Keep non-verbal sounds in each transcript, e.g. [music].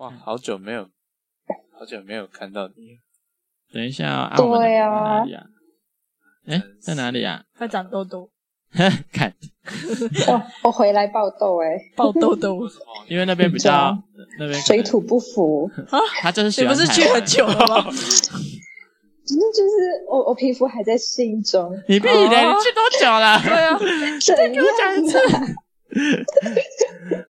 哇，好久沒有，好久沒有看到你。等一下、哦、啊，對呀、啊，哎、啊欸，在哪裡啊？快長痘痘。 [laughs] 看、哦，我回來爆痘哎，爆痘痘，因為那邊比較 [laughs] 那邊水土不服。啊、他就是你不是去很久了、哦、嗎？反正就是我我皮膚還在適應中。你別以為你去多久了？哦、對啊，深 [laughs] 一啊。 [laughs]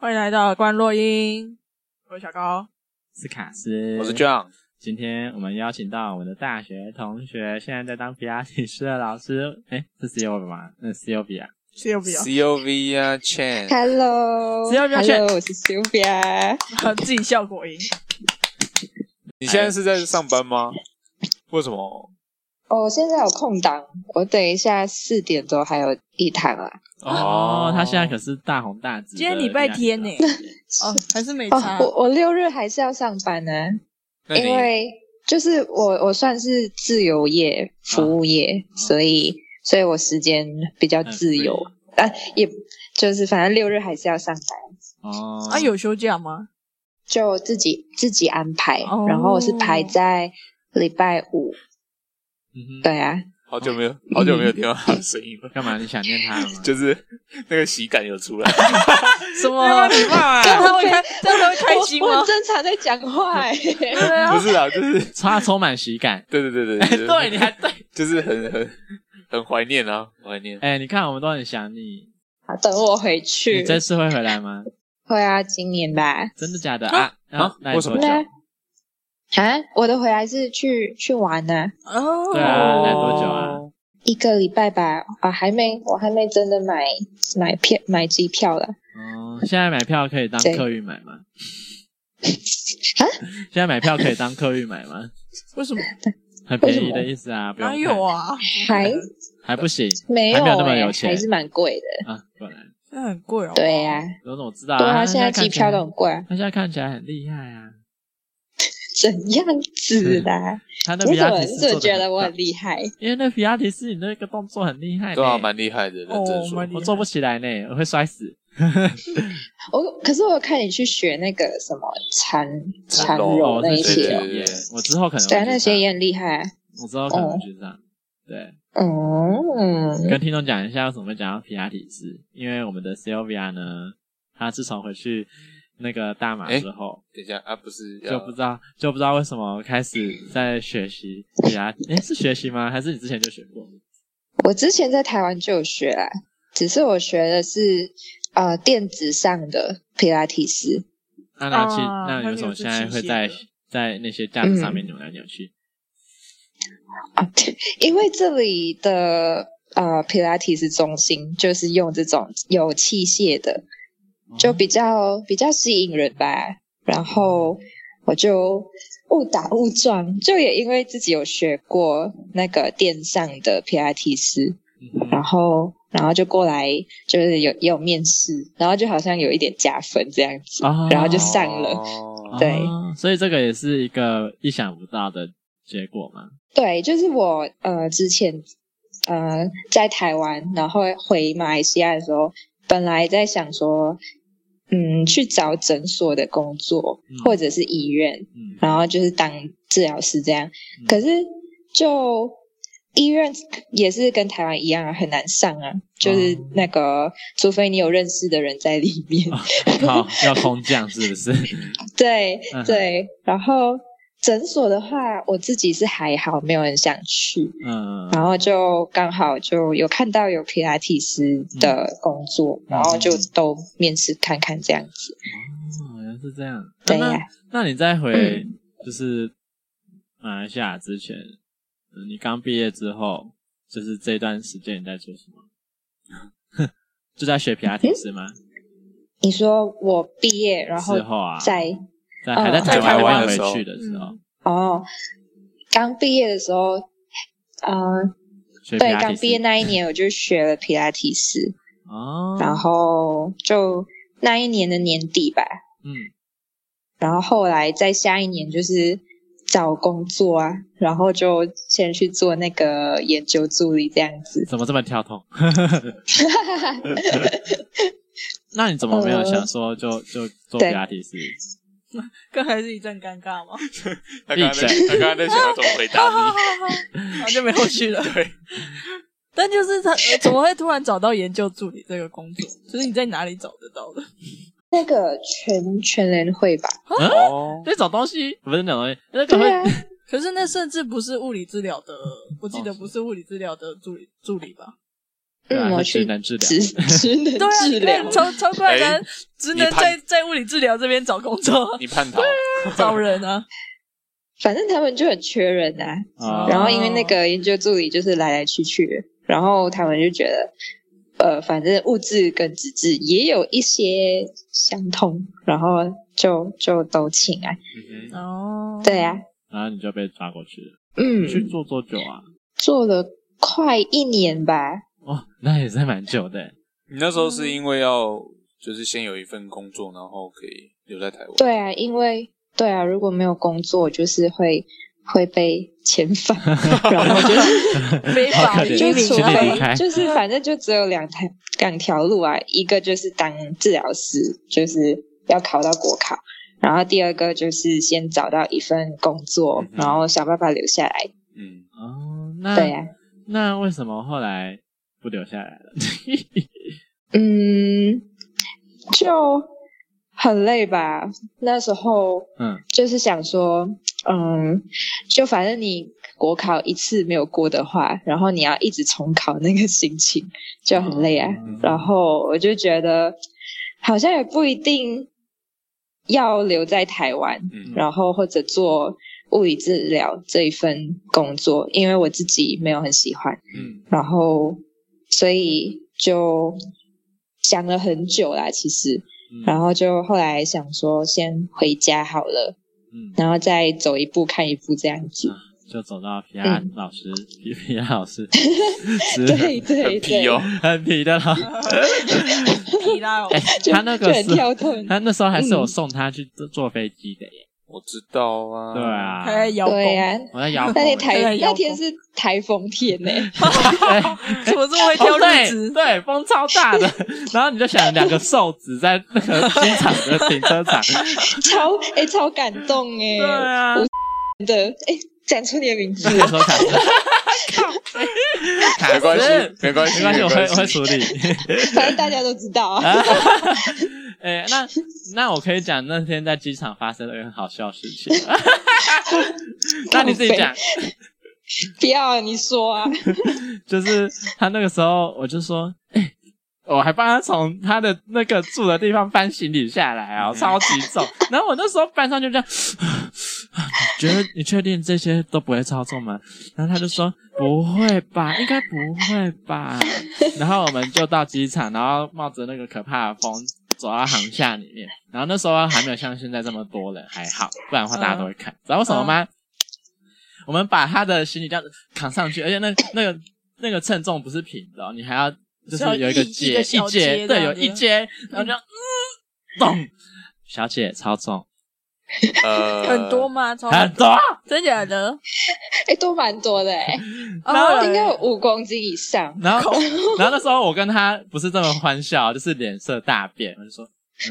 歡迎來到關落音，我是小高，是卡斯，我是 John。今天我們邀請到我們的大學同學，現在在當皮拉提斯的老師。哎，是 Sylvia 嗎？嗯，Sylvia 啊，Sylvia，Sylvia 啊，Chen。Hello，Hello，Hello, Hello, 我是 Sylvia， [laughs] 自己效果音。你現在是在上班嗎？ [laughs] 為什麼？哦、oh,，現在有空檔，我等一下四點多還有一堂啊。哦，他現在可是大紅大紫。今天禮拜天呢？哦、 [laughs] oh,，還是沒、oh, 我。我我六日還是要上班呢、啊，因為就是我我算是自由業、oh. 服務業，oh. 所以所以我時間比較自由，oh. 但也就是反正六日還是要上班。哦，啊有休假嗎？就自己自己安排，oh. 然後我是排在禮拜五。嗯、哼對啊，好久沒有好久沒有聽到他的聲音了。幹 [laughs] 嘛，你想念他嗎？就是那個喜感有出來。 [laughs] 什麼？你 [laughs] 怕什麼？的 [laughs] [laughs] 都會真的 [laughs] 都會開心 [laughs] 都會？ [laughs] 我，我很正常在講話。 [laughs] 不是啊，就是 [laughs] 他充滿喜感。對對對對，對，對，對。 [laughs] 對，你還對， [laughs] 就是很很很懷念啊，懷念。哎、欸，你看我們都很想你。好，等我回去。你這次會回來嗎？ [laughs] 會啊，今年吧。真的假的啊？啊，我、啊、什麼？ [laughs] [laughs] 啊，我的回來是去去玩呢。哦，對啊，oh. 來多久啊？一個禮拜吧。啊，還沒，我還沒真的買買票買機票了。哦，現在買票可以當客運買嗎？啊？現在買票可以當客運買嗎？ [laughs] 為什麼？很便宜的意思啊？哪有啊？還還不行？沒有、欸，還沒有那麼有錢，還是蠻貴的啊，本來，很貴哦。對呀、啊，我我知道啊，對啊啊他現在，現在機票都很貴、啊，他現在看起來很厲害啊。怎樣子的？是他那你怎麼怎麼，你怎麼覺得我很厲害？因為那皮拉提斯你那個動作很厲害，對，啊蠻厲害的。哦，oh, 我做不起來呢，oh,，我會摔死。 [laughs] 我可是我有看你去學那個什麼禪禪柔那些，我之後可能會去上，對那些也很厲害。我之後可能會去樣、oh. 對，嗯。跟聽眾講一下，為什麼會講到皮拉提斯，因為我們的 Sylvia 呢，她自從回去。那個大馬之後，欸、等一下啊，不是，就不知道就不知道為什麼開始在學習普拉，哎、嗯啊欸，是學習嗎？還是你之前就學過？我之前在台灣就有學啦、啊，只是我學的是啊、呃、電子上的皮拉提斯。那有、啊、那那，你為什麼現在會在在那些架子上面扭來扭去啊、嗯，因為這裡的啊皮、呃、拉提斯中心，就是用這種有器械的。就比較比較吸引人吧，然後我就誤打誤撞，就也因為自己有學過那個電上的 P R T 師，然後然後就過來，就是有也有面試，然後就好像有一點加分這樣子，啊、然後就上了、啊。對，所以這個也是一個意想不到的結果嘛。對，就是我呃之前呃在台灣，然後回馬來西亞的時候，本來在想說。嗯，去找診所的工作，嗯、或者是醫院、嗯，然後就是當治療師這樣。嗯、可是就，就醫院也是跟台灣一樣、啊、很難上啊，就是那個、哦、除非你有認識的人在裡面，好、哦、要空降 [laughs] 是不是？對、嗯、對，然後。診所的話，我自己是還好，沒有人想去。嗯，然後就剛好就有看到有皮拉提斯的工作，嗯、然後就都面試看看這樣子。嗯、哦，原來是這樣。對呀。啊。那你再回就是馬來西亞之前，嗯，你剛畢業之後，就是這段時間你在做什麼？ [laughs] 就在學皮拉提斯嗎？嗯、你說我畢業然後之後啊，在。在台灣還沒回去的時候，嗯、哦，剛畢業的時候，呃，對，剛畢業那一年我就學了皮拉提斯，哦、嗯，然後就那一年的年底吧，嗯，然後後來在下一年就是找工作啊，然後就先去做那個研究助理這樣子。怎麼這麼跳脫？ [laughs] [laughs] [laughs] [laughs] 那你怎麼沒有想說就就做皮拉提斯？呃剛才是一陣尷尬嗎？他剛才那他剛才在想要怎麼回答你 [laughs] 好好好好，我、 [laughs] 啊、就沒後續了。對，但就是他、欸、怎麼會突然找到研究助理這個工作？就是你在哪裡找得到的？那個全全聯會吧，哦，oh. 在找東西，不是找東西，那可、個、是，啊、 [laughs] 可是那甚至不是物理治療的，我記得不是物理治療的助理助理吧？嗯、是直只直 [laughs] 對啊，他只能治療，只能治療。超超誇只能在在物理治療這邊找工作。你叛逃找人啊？ [laughs] 反正他們就很缺人啊、呃。然後因為那個研究助理就是來來去去的，然後他們就覺得，呃，反正物質跟資質也有一些相通，然後就就都請啊。哦、嗯，對啊。然後你就被抓過去了。嗯。去做多久啊？做了快一年吧。哦，那也是蠻久的。你那時候是因為要，就是先有一份工作，嗯、然後可以留在台灣。對啊，因為對啊，如果沒有工作，就是會會被遣返， [laughs] 然後就是非法 [laughs] [laughs] 就除非就是反正就只有兩台兩條路啊，啊，一個就是當治療師，就是要考到國考，然後第二個就是先找到一份工作，嗯嗯然後想辦法留下來。嗯哦，那對啊，那為什麼後來？不留下來了 [laughs] 嗯，就很累吧。那時候，嗯，就是想說嗯，嗯，就反正你國考一次沒有過的話，然後你要一直重考，那個心情就很累啊、哦。然後我就覺得，好像也不一定要留在台灣嗯嗯，然後或者做物理治療這一份工作，因為我自己沒有很喜歡，嗯，然後。所以就想了很久啦，其實、嗯，然後就後來想說先回家好了，嗯，然後再走一步看一步這樣子，就走到皮亞老師，嗯、皮皮亞老師 [laughs] 對對對皮、喔，對對對，很皮的哈， [laughs] [laughs] 皮拉、哦，欸、 [laughs] 就 [laughs] 就 [laughs] 他那個是就很跳，他那時候還是我送他去坐坐飛機的耶。嗯我知道啊，對啊，還在搖風，對啊，我在搖風、 [laughs] 啊。那天台那天是台風天呢，怎 [laughs] 麼這麼會挑日子、 [laughs] 哦對。對，風超大的， [laughs] 然後你就想兩個瘦子在那個機場的停車場， [laughs] 超誒、欸，超感動誒。對啊，對、欸講出你的名字。哈哈哈哈沒關係，沒關係，我會 [laughs] 我會處理。反正大家都知道啊。哎、 [laughs] [laughs] 欸，那那我可以講那天在機場發生了一個很好笑的事情。哈哈哈那你自己講。不要、啊，你說啊。 [laughs] 就是他那個時候，我就說，欸、我還幫他從他的那個住的地方搬行李下來啊、哦嗯，超級重。然後我那時候搬上就這樣。 [coughs] 覺得你確定這些都不會超重嗎？然後他就說不會吧，應該不會吧。 [laughs] 然後我們就到機場，然後冒着那個可怕的風走到航廈裡面。然後那時候還沒有像現在這麼多人，還好，不然的話大家都會看。嗯、知道為什麼嗎、嗯？我們把他的行李箱扛上去，而且那那個那個稱重不是平的、哦，你還要就是有一個接，一階，對，有一接、嗯，然後就、嗯、咚，小姐超重。呃、很多嗎？超很多，啊啊、真的假的？哎、欸，都蠻多的誒、欸、然後、oh, 應該有五公斤以上。然後，然後那時候我跟他不是這麼歡笑，就是臉色大變。我就說，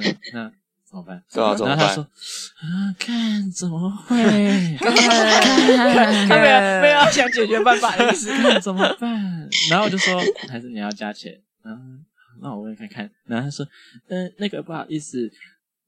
嗯，那怎麼辦、嗯？然後他說，啊，看怎麼會？他、 [laughs] 啊、 [laughs] 沒有非要想解決辦法的意思， [laughs] 怎麼辦？然後我就說， [laughs] 還是你要加錢。然後那我問看看。然後他說，嗯，那個不好意思。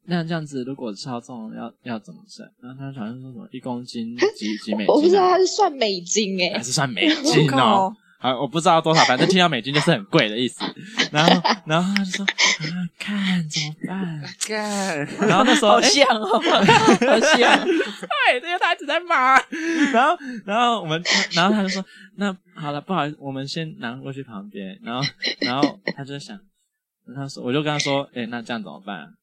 那這樣子，如果超重要要怎麼算？然後他好像說什麼一公斤幾幾美金？我不知道他是算美金哎、欸，還是算美金哦？好，我不知道多少，反正聽到美金就是很貴的意思。然後然後他就說，啊、看怎麼辦？看。然後那時候好像好像、哦欸，好像、哦哦哦 [laughs] 好像哦 [laughs] 哎。對，因為他一直在罵。 [laughs] 然後然後我們，然後他就說，那好了，不好意思，我們先拿過去旁邊。然後然後他就想， [laughs] 然後他就想，然後他說，我就跟他說，哎、欸，那這樣怎麼辦？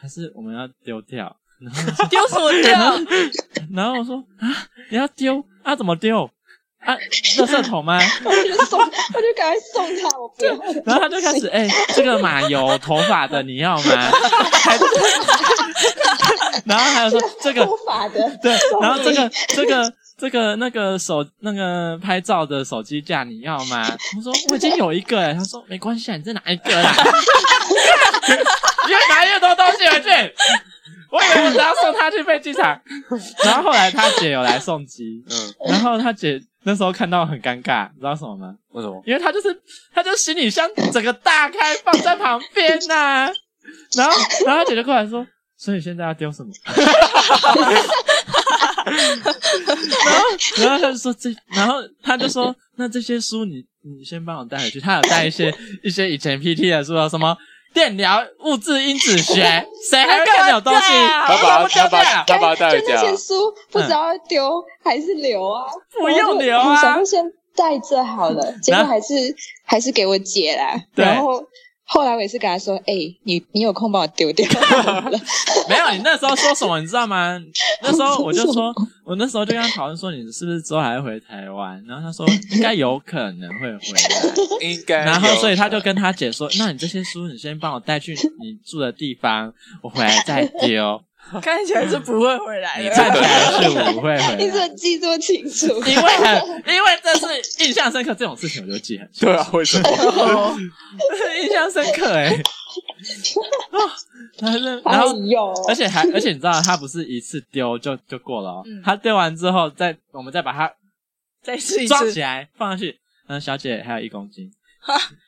還是我們要丟掉？然後他說丟什麼丟？ [laughs] 然後我說啊，你要丟啊,啊？怎麼丟啊？垃圾桶嗎？他就送，他就趕快送他，我不要。然後他就開始哎、 [laughs] 欸，這個馬有頭髮的你要嗎？ [laughs] [laughs] [laughs] 然後還有說這個頭髮的對，然後這個這個這個那個手那個拍照的手機架你要嗎？他 [laughs] 說我已經有一個哎、欸，他說沒關係啊，你在哪一個啦、啊 [laughs] 你越拿越多東西回去，我以為你要送他去飛機場，然後後來他姐有來送機，嗯，然後他姐那時候看到我很尷尬，你知道什麼嗎？為什麼？因為他就是，他就行李箱整個大開放在旁邊呢、啊，然後然後他姐就過來說，所以現在要丟什麼？哈哈哈哈哈哈哈，然後然後他就說這，然後他就說，那這些書你你先幫我帶回去，他有帶一些一些以前 PT 的書啊什麼。電療物質因子學，誰還看這東西？淘寶，啊，淘寶，不好？對啊，就那些書不知道丟還是留啊？不用留啊！我我想要先帶着好了，結、嗯、果還是還是給我姐啦、啊。然後。後來我也是跟他說：“哎、欸，你你有空幫我丟掉。 [laughs] ”沒有，你那時候說什麼你知道嗎？那時候我就說，我那時候就跟他討論說：“你是不是之後還會回台灣？”然後他說：“應該有可能會回來。”應該。然後所以他就跟他姐說：“那你這些書，你先幫我帶去你住的地方，我回來再丟。”看起來是不會回來的。的看起來是不會回來。 [laughs] 你怎麼記這麼清楚？因為很，因為這是印象深刻 [coughs] 這種事情，我就記很。對啊，為什麼、哦、印象深刻哎、 [coughs] 哦。然後，有而且還而且你知道，他不是一次丟就就過了哦。嗯、他丟完之後再，再我們再把它再試一次，起來放上去。嗯，小姐還有一公斤。 [coughs]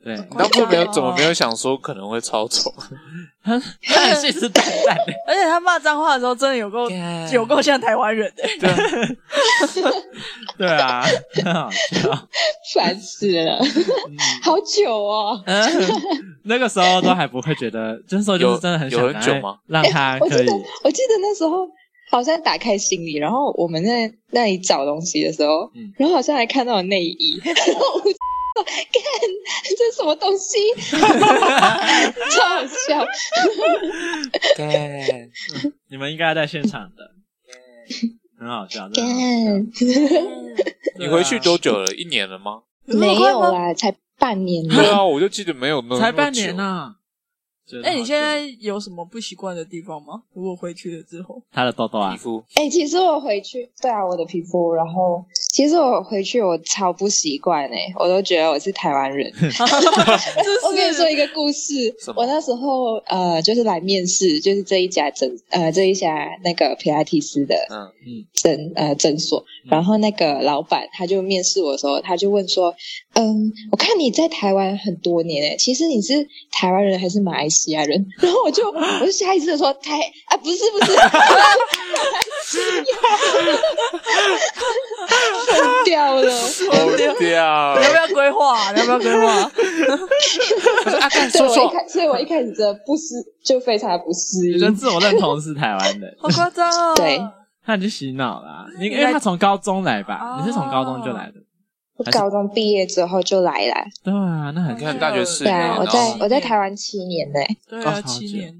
你當初沒有怎麼沒有想說可能會超醜，他很信誓旦旦、欸， [laughs] 而且他罵髒話的時候真的有夠、yeah. 有夠像台灣人、欸，的對, [laughs] 對啊，很好笑，煩死了， [laughs] 嗯、 [laughs] 好糗哦。 [laughs] [laughs] 那個時候都還不會覺得，這時候就是真的很想讓他可以、 [laughs] 欸我記得。我記得那時候好像打開行李，然後我們在那裡找東西的時候，嗯、然後好像還看到了內衣。 [laughs] 看， [noise] 這是什麼東西？ [laughs] [laughs] 超好笑。 [laughs] 對，對對對嗯、你們應該在現場的， [noise] [noise] 很好笑。看 [noise] [noise] 你回去多久了？一年了嗎？ [noise] 嗎 [noise] 沒有啊，才半年了。 [noise] 對啊，我就記得沒有那麼久。才半年啊！哎、欸，你現在有什麼不習慣的地方嗎？如果回去了之後？他的痘痘啊。皮膚。哎、欸，其實我回去，對啊，我的皮膚，然後。其實我回去我超不習慣誒、欸、我都覺得我是台灣人。 [laughs] [laughs] 我跟你說一個故事，我那時候呃就是來面試，就是這一家診呃這一家那個皮拉提斯的診、啊、嗯診呃診所、嗯，然後那個老板他就面試我的時候，他就問說。嗯，我看你在台灣很多年誒、欸，其實你是台灣人還是馬來西亞人？然後我就我就下意識的說台啊，不是不是，台灣人。了 [laughs] 掉了，掉了 [laughs] 你要要、啊，你要不要規劃、啊？你要不要規劃？啊，開始說錯，所以我一開始的不適就非常的不適應。人自我認同是台灣的， [laughs] 好誇張張哦。 [laughs] 對，他已經洗腦了、啊，你因為他從高中來吧，你是從高中就來的。啊我高中畢業之後就來了、啊。對啊，那很看大學四年、喔。對啊，我在我在台灣七年呢、欸。對啊，七年對、啊、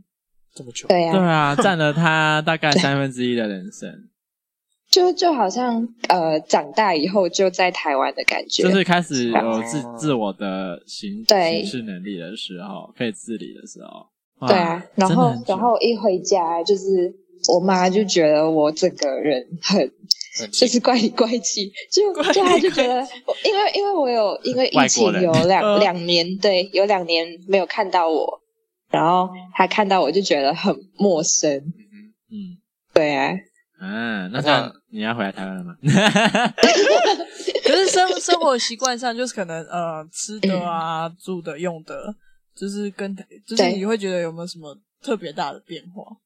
這麼久。對啊，占、 [laughs] 啊、了他大概三分之一的人生。就就好像呃，長大以後就在台灣的感覺，就是開始有自、啊、自我的行對行事能力的時候，可以自理的時候。對啊，然後然後一回家就是我媽就覺得我這個人很。就是怪裡怪氣，就怪怪就，就他就覺得，因為因為我有因為疫情有兩兩年，對，有兩年沒有看到我，然後他看到我就覺得很陌生，嗯，嗯對啊，嗯、啊，那他、啊、你要回來台灣了嗎？可 [laughs] [laughs] [laughs] 是生生活習慣上就是可能呃吃的啊、嗯、住的用的，就是跟就是你會覺得有沒有什麼特別大的變化？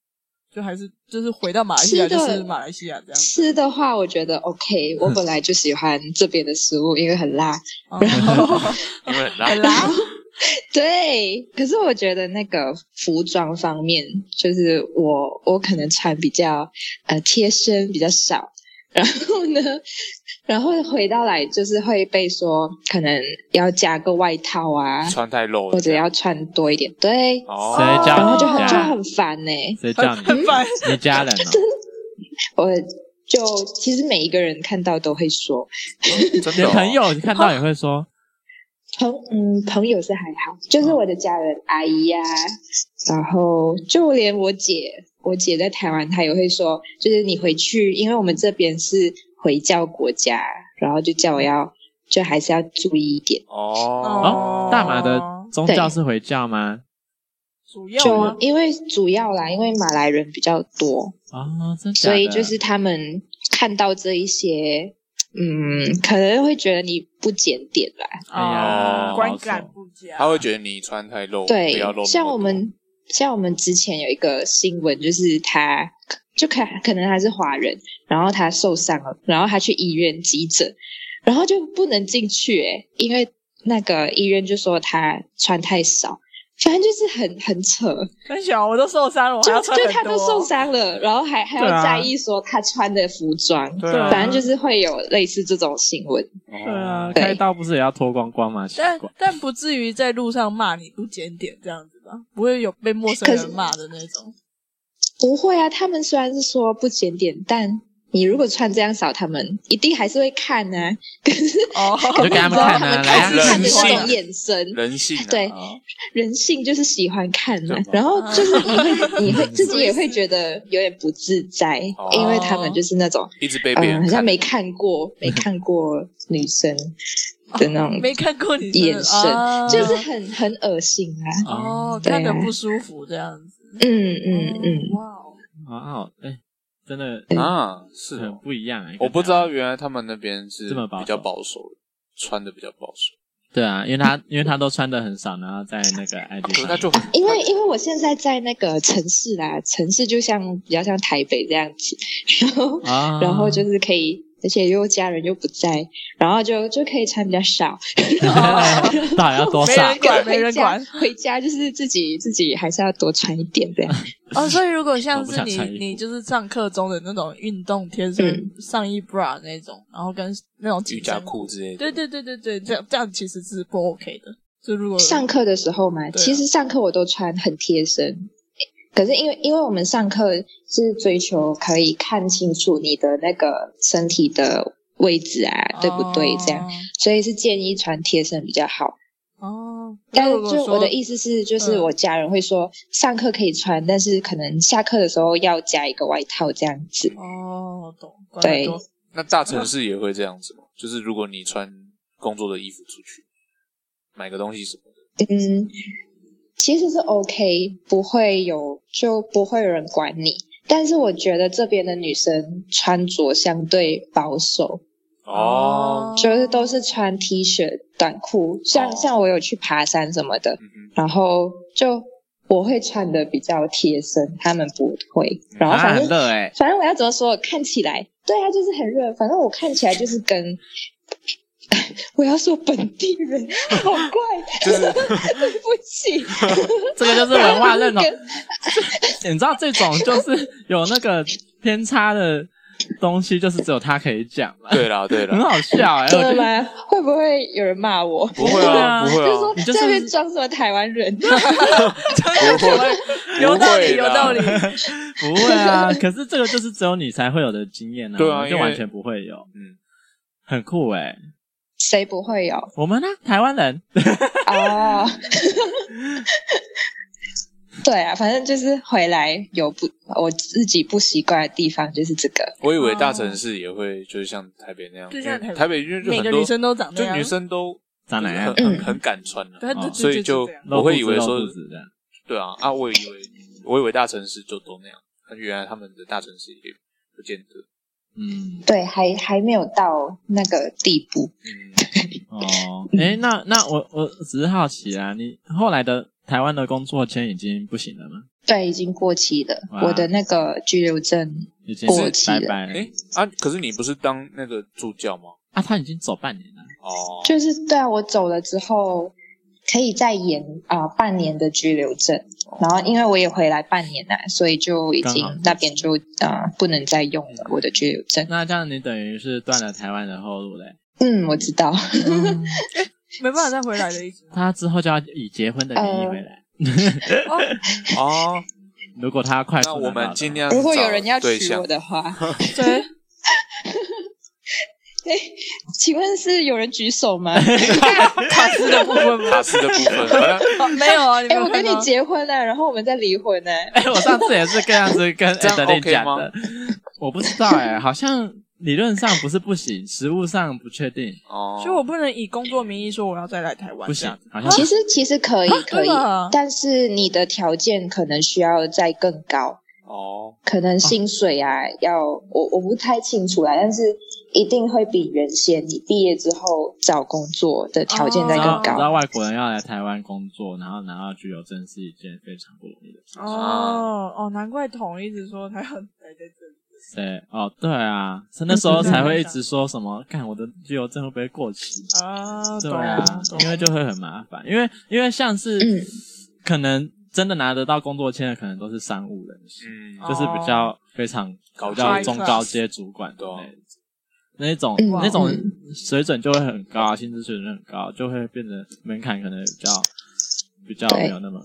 就還是就是回到馬來西亞，就是馬來西亞這樣子。吃的話，我覺得 OK。我本來就喜歡這邊的食物，因為很辣，然後 [laughs] [laughs] 很辣。 [laughs] 對，可是我覺得那個服裝方面，就是我我可能穿比較呃貼身比較少。然後呢，然後回到來就是會被說，可能要加個外套啊，穿太露，或者要穿多一點，對。哦，然後就很就很煩呢、欸嗯，很煩，家人、啊。 [laughs] 我就其實每一個人看到都會說，連、哦哦、 [laughs] 朋友看到也會說。朋嗯，朋友是還好，就是我的家人、哦、阿姨呀、啊，然後就連我姐，我姐在台灣她也會說，就是你回去，因為我們這邊是。回教國家，然後就叫我要，就還是要注意一點哦，哦。大馬的宗教是回教嗎？主要，因為主要啦，因為馬來人比較多啊、哦，所以就是他們看到這一些，嗯，可能會覺得你不檢點啦，啊、哎哦，觀感不佳，他會覺得你穿太露，對，比較露不，像我們，像我們之前有一個新聞，就是他。就可可能他是華人，然後他受傷了，然後他去醫院急診，然後就不能進去哎、欸，因為那個醫院就說他穿太少，反正就是很很扯。很小，我都受傷了，就就他都受傷了，然後還還有在意說他穿的服裝，對，、啊對啊，反正就是會有類似這種新聞。對啊，對，開刀不是也要脫光光嗎？但但不至於在路上罵你不檢點這樣子吧？不會有被陌生人罵的那種。不會啊，他們雖然是說不檢點，但你如果穿這樣少他們，一定還是會看啊。可是，oh, 可是你知道就他們看的、啊、那種眼神，人性、啊、對人性、啊、人性就是喜歡看呢。然後就是你會你會自己也會覺得有點不自在，oh. 因為他們就是那種一直被別人好像沒看過、oh. 沒看過女生的那種眼神沒看過女生，啊、就是很很惡心啊哦，看、oh. 着、嗯啊、不舒服這樣子。嗯嗯嗯，嗯，哇哦哇哦，哎、欸，真的啊，是很不一樣、欸。我不知道原來他們那邊是比較保守，保守，穿的比較保守。對啊，因為他因為他都穿的很少，然後在那個 IG、啊啊，因為因為我現在在那個城市啦，城市就像比較像台北這樣子，然後、啊、然後就是可以。而且又家人又不在，然後就就可以穿比較少。那還要多少？沒人管，沒人管。回家就是自己自己還是要多穿一點，對。哦，所以如果像是你你就是上課中的那種運動貼身、嗯、上衣 bra 那種，然後跟那種緊身瑜伽褲之類的。對對對對對，這樣這樣其實是不 OK 的。就如果上課的時候嘛、啊，其實上課我都穿很貼身。可是因為因為我們上課是追求可以看清楚你的那個身體的位置啊，啊對不對？這樣，所以是建議穿貼身比較好。哦、啊，但是就我的意思是，就是我家人會說上課可以穿、嗯，但是可能下課的時候要加一個外套這樣子。哦、啊，懂，懂。對。那大城市也會這樣子嗎？啊、就是如果你穿工作的衣服出去買個東西什麼的，嗯。其實是 OK，不會有就不會有人管你。但是我覺得這邊的女生穿着相對保守，哦，就是都是穿 T 恤、短褲。像、哦、像我有去爬山什麼的，然後就我會穿得比較貼身，他們不會。然後反正、啊、很熱、欸、反正我要怎麼說？看起來對啊，就是很熱。反正我看起來就是跟。 [laughs] 我要說本地人，好怪，對、 [laughs] 就是、 [laughs] 不起，這個就是文化認同。 [laughs] 你知道這種就是有那個偏差的東西，就是只有他可以講了。對了，對了，很好笑哎、欸！我覺得，會不會有人罵我？不會啊，不會、啊就是、說你就說、是、這邊裝什麼台灣人？有道理， [laughs] 有道理，不會啊。 [laughs] 不會啊 [laughs] 可是這個就是只有你才會有的經驗啊，對啊，我們就完全不會有。嗯，很酷哎、欸。誰不會有我們呢？台灣人哦， [laughs] oh, [laughs] 對啊，反正就是回來有不我自己不習慣的地方，就是這個。我以為大城市也會就是像台北那樣，oh. 因為台北就就每個女生都長這樣，就女生都長那樣，很敢穿的、啊哦，所以就、就是、我會以為說是，是這樣。對啊啊，我以為我以為大城市就都那樣，原來他們的大城市也不見得，嗯，對，還還沒有到那個地步，嗯。哦，哎，那那我我只是好奇啊，你後來的台灣的工作簽已經不行了嗎？對，已經過期了。啊、我的那個居留證過期了。掰掰了。哎，啊，可是你不是當那個助教嗎？啊，他已經走半年了。哦，就是對啊，我走了之後可以再延啊、呃、半年的居留證。然後，因為我也回來半年了，所以就已經那邊就啊、呃、不能再用了、嗯、我的居留證。那這樣你等於是斷了台灣的後路嘞。嗯，我知道、嗯，沒辦法再回來的意思。他之後就要以結婚的名義回來、呃 [laughs] 哦。哦，如果他快，那我們盡量找對象。如果有人要娶我的話。對，請問是有人舉手嗎？塔 [laughs] 斯的部分嗎？塔斯的部分、哦、沒有啊。哎，我跟你結婚了，然後我們再離婚呢。哎，我上次也是，樣是跟這樣子、OK、跟艾德麗講的。我不知道哎、欸，好像。理論上不是不行，實務上不確定，所以，我不能以工作名義說我要再來台灣。不行，好像、啊、其實其實可以，啊、可以、啊，但是你的條件可能需要再更高哦，oh. 可能薪水啊，oh. 要我我不太清楚啦、啊，但是一定會比原先你畢業之後找工作的條件再更高。Oh. 知道外國人要來台灣工作，然後拿到居留證是一件非常不容易的事情。哦哦，難怪彤一直說他要來來。對哦，對啊，他那時候才會一直說什麼，看、嗯、我的居留證會不會過期啊？對啊，因為就會很麻煩， [coughs] 因為因為像是可能真的拿得到工作簽的，可能都是商務人士，嗯，就是比較非常高、哦、比較中高階主管對，那種、嗯、那種水準就會很高，薪資、嗯、水準很高，就會變得門檻可能比較比較沒有那麼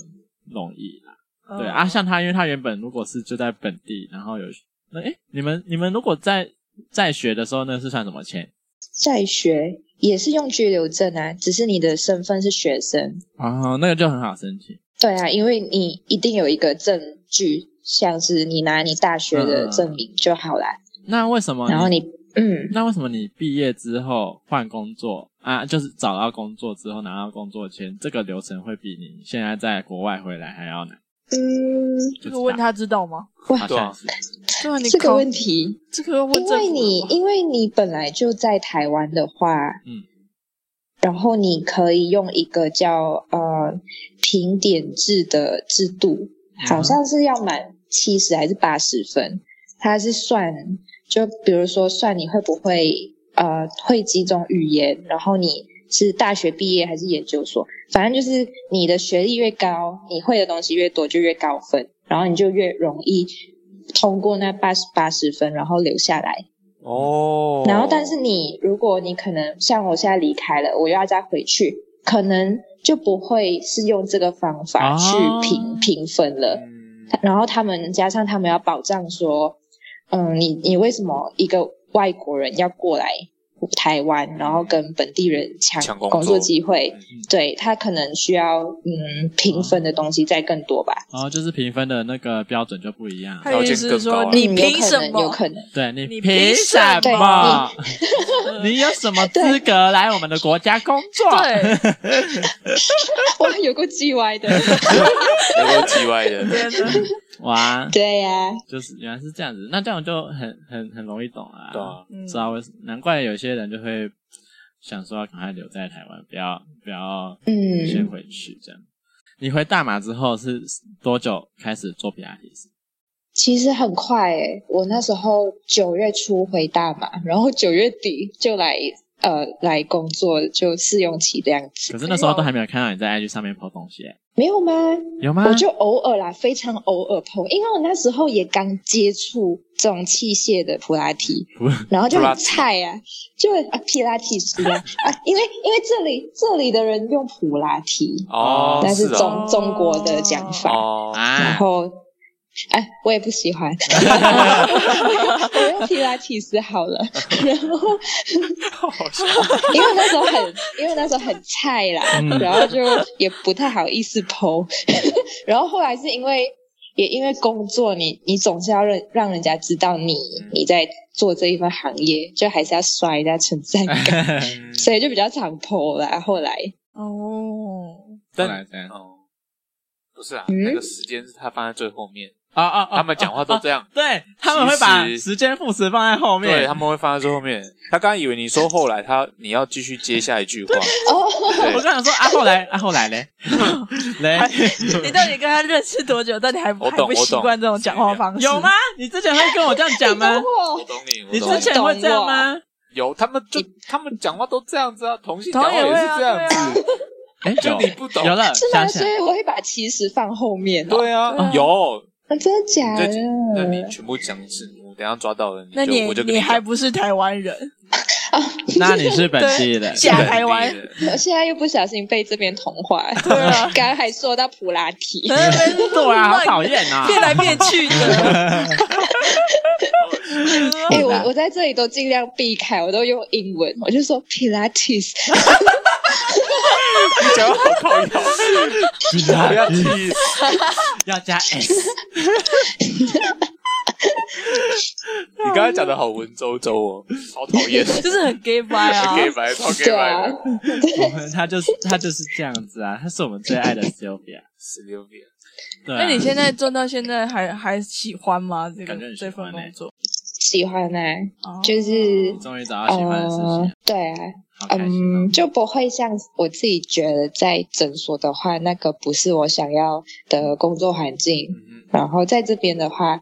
容易啦對，對、哦、啊，像他，因為他原本如果是就在本地，然後有。誒哎，你們你們如果在在學的時候，那是算什麼簽？在學也是用居留證啊，只是你的身份是學生啊、哦，那個就很好申請。對啊，因為你一定有一個證據，像是你拿你大學的證明就好了、嗯。那為什麼？然後你嗯？那為什麼你畢業之後換工作啊？就是找到工作之後拿到工作簽，這個流程會比你現在在國外回來還要難？嗯就，這個問他知道嗎？對，這個問題，這個問題，因為你因為你本來就在台灣的話，嗯，然後你可以用一個叫呃評點制的制度，嗯、好像是要滿七十還是八十分，他是算就比如說算你會不會、嗯、呃會幾種語言，然後你。是大學畢業還是研究所，反正就是你的學歷越高，你會的東西越多就越高分，然後你就越容易通過那八十八十分，然後留下來。哦、oh.。然後，但是你如果你可能像我現在離開了，我又要再回去，可能就不會是用這個方法去評、ah. 評分了。然後他們加上他們要保障說，嗯，你你為什麼一個外國人要過來？台灣，然後跟本地人搶工作機會，嗯、對他可能需要嗯評分的東西再更多吧。啊、哦，就是評分的那個標準就不一樣，條件更高了。你憑什麼？有可能。對，你憑什麼？你， [laughs] 你有什麼資格來我們的國家工作？對 [laughs] [laughs] 我有過 G 歪的， [laughs] 有，有過 G 歪的。哇，對呀、啊，就是原來是這樣子，那這樣就很很很容易懂了、啊，懂，知道為什麼？難怪有些人就會想說要趕快留在台灣，不要不要嗯，先回去、嗯、這樣。你回大馬之後是多久開始做皮拉提斯？其實很快誒、欸，我那時候九月初回大馬，然後九月底就來。呃，來工作就試用期這樣子。可是那時候都還沒有看到你在 IG 上面 PO 東西、欸，沒有嗎？有嗎？我就偶爾啦，非常偶爾 PO，因為我那時候也剛接觸這種器械的普拉提，然後就很菜啊，就啊，普拉提師啊，啊，因為因為這裡這裡的人用普拉提哦，那是中是、哦，中國的講法、哦，然後。啊哎、啊，我也不喜歡，我 [laughs] 用 [laughs] 提拉提斯好了。 [laughs] 然後，好笑，， [laughs] 因為那時候很，因為那時候很菜啦，嗯、然後就也不太好意思剖。 [laughs] 然後後來是因為也因為工作，你你總是要讓讓人家知道你、嗯、你在做這一份行業，就還是要刷一下存在感、嗯，所以就比較常剖了。後來哦，後來對，哦，不是啊、嗯，那個時間是他放在最後面。啊啊！他們講話都這樣，啊啊啊對，他們會把時間副詞放在後面，對，他們會放在最後面。他剛剛以為你說後來他，他你要繼續接下一句話。哦、喔，我剛想說啊，啊，後來啊，後來嘞，嘞、欸欸欸，你到底跟他認識多久？到底還我懂還不習慣這種講話方式？有嗎？你之前會跟我這樣講嗎，我樣嗎我我？我懂你，你之前會這樣嗎？我我有，他們就他們講話都這樣子啊，同性朋友也是這樣子。哎，就你不懂，是嗎？所以我會把其實放後面。對啊，有。真的假的？那你全部講字母，等一下抓到了，你就那你我就你，你還不是台灣人、 [laughs] 哦、你那你是本地人假台灣？我現在又不小心被這邊同化，對啊，剛剛還說到普拉提，對，對，對， [laughs] 對啊，好討厭啊， [laughs] 變來變去的。哎、 [laughs] 欸，我我在這裡都盡量避開，我都用英文，我就說 Pilates。 [laughs] 哈哈哈講的好討厭， [laughs] 不要提， [laughs] 要加 S。 [laughs] [laughs] 你剛才講的好文縐縐哦，好討厭，就是很 gay boy、啊、 [laughs] 超 gay boy。啊、 [laughs] 我們他就是他就是這樣子啊，他是我們最愛的 Sylvia。Sylvia、啊。那、欸、你現在做到現在還還喜歡嗎？這個感覺你、欸、這份、個、工作？喜歡哎、欸，就是終於、啊、找到喜歡的事情。呃、對啊。嗯、哦，um, 就不會像我自己覺得在診所的話，那個不是我想要的工作環境、嗯。然後在這邊的話，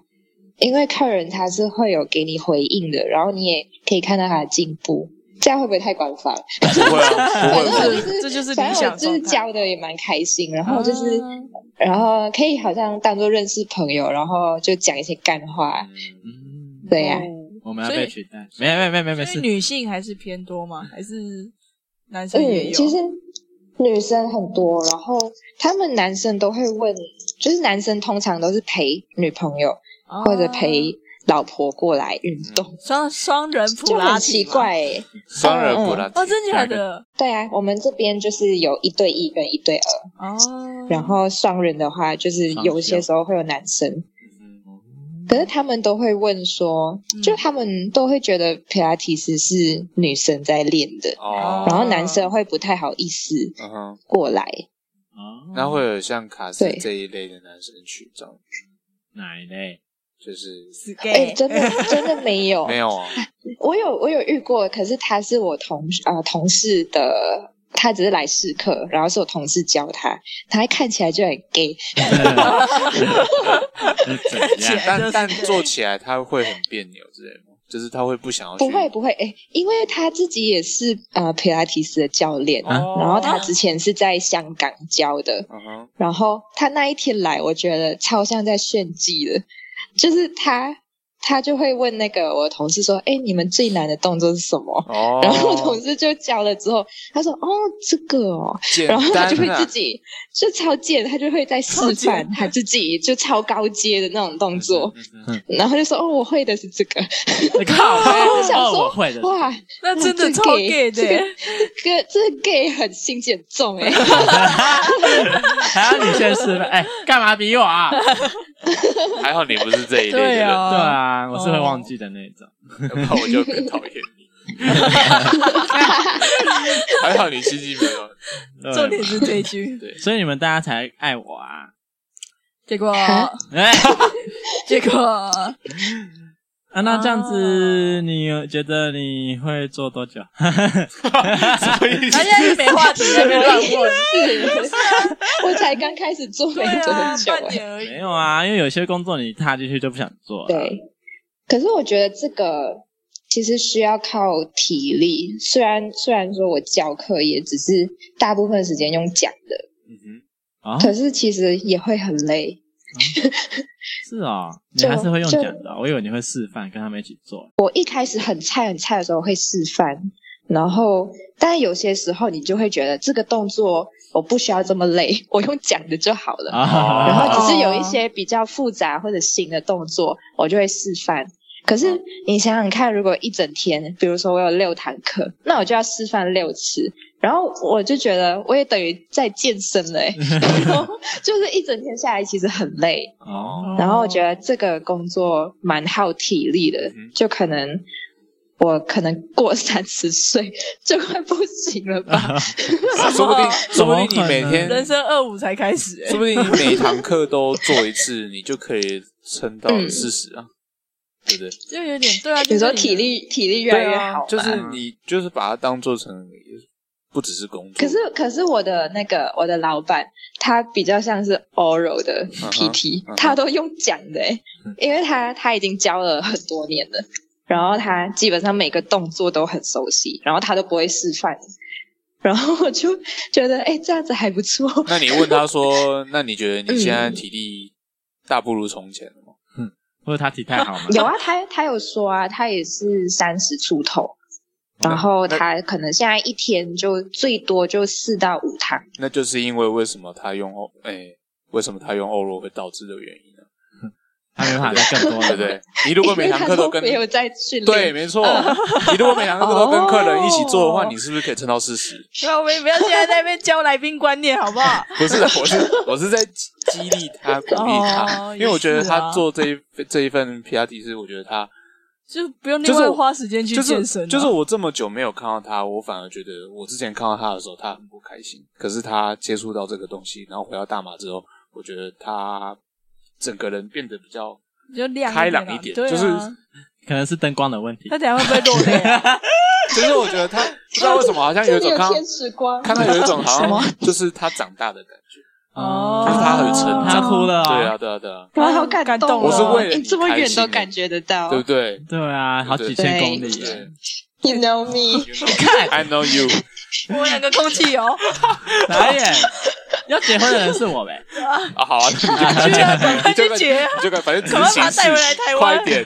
因為客人他是會有給你回應的，然後你也可以看到他的進步，這樣會不會太官方？ [laughs] [laughs] 不會不會 [laughs] 反正我、就是、這就是理想狀態。就是教的也蠻開心，然後就是，嗯、然後可以好像當做認識朋友，然後就講一些幹話，嗯、對呀、啊。嗯我們要被取代？沒有沒有沒有沒有，所以女性還是偏多嗎？還是男生也有？嗯，其實女生很多，然後他們男生都會問，就是男生通常都是陪女朋友、啊、或者陪老婆過來運動，雙、嗯、雙人普拉提就很奇怪耶，哎，雙人過來，哦、嗯、哦真假的，對啊，我們這邊就是有一對一跟一對二哦、啊，然後雙人的話，就是有些時候會有男生。可是他們都會問說，嗯、就他們都會覺得 Pilates 是女生在練的，哦，然後男生會不太好意思過來。哦，嗯，那會有像卡斯這一類的男生去找奶？哪一類？就是、欸，真的真的沒有 [laughs] 沒有啊！啊我有我有遇過，可是他是我同啊，呃、同事的。他只是來試課，然後是我同事教他。他一看起來就很 gay， [laughs] [laughs] [laughs] [laughs] 但但做起來他會很彆扭之類，就是他會不想要？不會不會、欸，因為他自己也是呃普拉提斯的教練、啊，然後他之前是在香港教的，啊、然後他那一天來，我覺得超像在炫技的，就是他。他就會問那個我同事說，哎、欸，你們最難的動作是什麼？Oh. 然後我同事就教了之後，他說，哦，這個哦，哦。然後他就會自己就超賤，他就會在示範他自己就超高階的那種動作、嗯嗯嗯，然後就說，哦，我會的是這個。你 [laughs] 想說、哦我會的，哇，那真的超 gay 這個這 gay、個這個這個、很心機很重哎。 [laughs] 還要你先示範，哎、欸，幹嘛逼我啊？ [laughs] 還好你不是這一類的，對,、哦、對啊。我是會忘記的那種，然後我就更討厭你。 [laughs] 還好你心機沒有，重點是這一句。對對，所以你們大家才愛我啊。結果，欸、 [laughs] 結果、啊、那這樣子、啊，你覺得你會做多久？而且你沒話題，隨便亂我才剛開始做沒多久、欸啊、沒有啊，因為有些工作你踏進去就不想做了。對。可是我覺得這個其實需要靠體力，雖然雖然說我教課也只是大部分時間用講的，嗯哼，啊，可是其實也會很累。啊，是啊，哦，你還是會用講的哦？我以為你會示範跟他們一起做。我一開始很菜很菜的時候會示範，然後，但有些時候你就會覺得這個動作。我不需要這麼累，我用講的就好了、啊。然後只是有一些比較複雜或者新的動作，我就會示範。可是你想想看，如果一整天，比如說我有六堂課，那我就要示範六次，然後我就覺得我也等於在健身了、欸。 [laughs] 就是一整天下來其實很累。然後我覺得這個工作蠻耗體力的，就可能。我可能過三十歲就快不行了吧？ [laughs] 說不定， [laughs] 說不定你每天人生二五才開始、欸。說不定你每堂課都做一次， [laughs] 你就可以撐到四十、嗯、啊？對不對？就有點對啊。你說體力、就是，體力越來越好。就是你，就是把它當做成不只是工作。可是，可是我的那個我的老闆，他比較像是 oral 的 P T，、嗯、他都用講的、欸嗯，因為他他已經教了很多年了。然後他基本上每個動作都很熟悉，然後他都不會示範，然後我就覺得哎、欸、這樣子還不錯。那你問他說，那你覺得你現在體力大不如從前了嗎？嗯，或者他體態好嗎？啊有啊，他他有說啊，他也是三十出頭，然後他可能現在一天就，就最多就四到五堂。那就是因為為什麼他用歐哎、欸，為什麼他用歐羅會導致的原因？他沒有辦法更多， [laughs] 對不對？你如果每堂課都跟有在訓練，對，沒錯。你如果每堂課都跟客人一起做的話，哦、你是不是可以撐到四十？我們不要現在在那邊教來賓觀念，好不好？不是，我是我是在激激勵他，鼓勵他、哦，因為我覺得他做這一、啊、這一份 P R T 是，我覺得他就不用就是花時間去健身、啊就是。就是我這麼久沒有看到他，我反而覺得我之前看到他的時候，他很不開心。可是他接觸到這個東西，然後回到大馬之後，我覺得他。整個人變得比較就開朗一點，就亮點對、啊就是可能是燈光的問題。他等下會不會落淚、啊？其 [laughs] 實 [laughs] 我覺得他不知道為什麼，好像有一種有看到有一種好像就是他長大的感覺、 [laughs] 嗯、哦，就是他很沉，他哭了、哦。對啊，對啊，對啊！對啊啊好感動、哦，我是為了你開心、欸、這麼遠都感覺得到，對不對？對啊，對對對，好幾千公里 you know,，You know me，看，I know you。我兩個空氣哦，導耶 [laughs] 要結婚的人是我唄、啊？啊，好啊，你就，啊你就趕快去結、啊，你就結，就快，快點，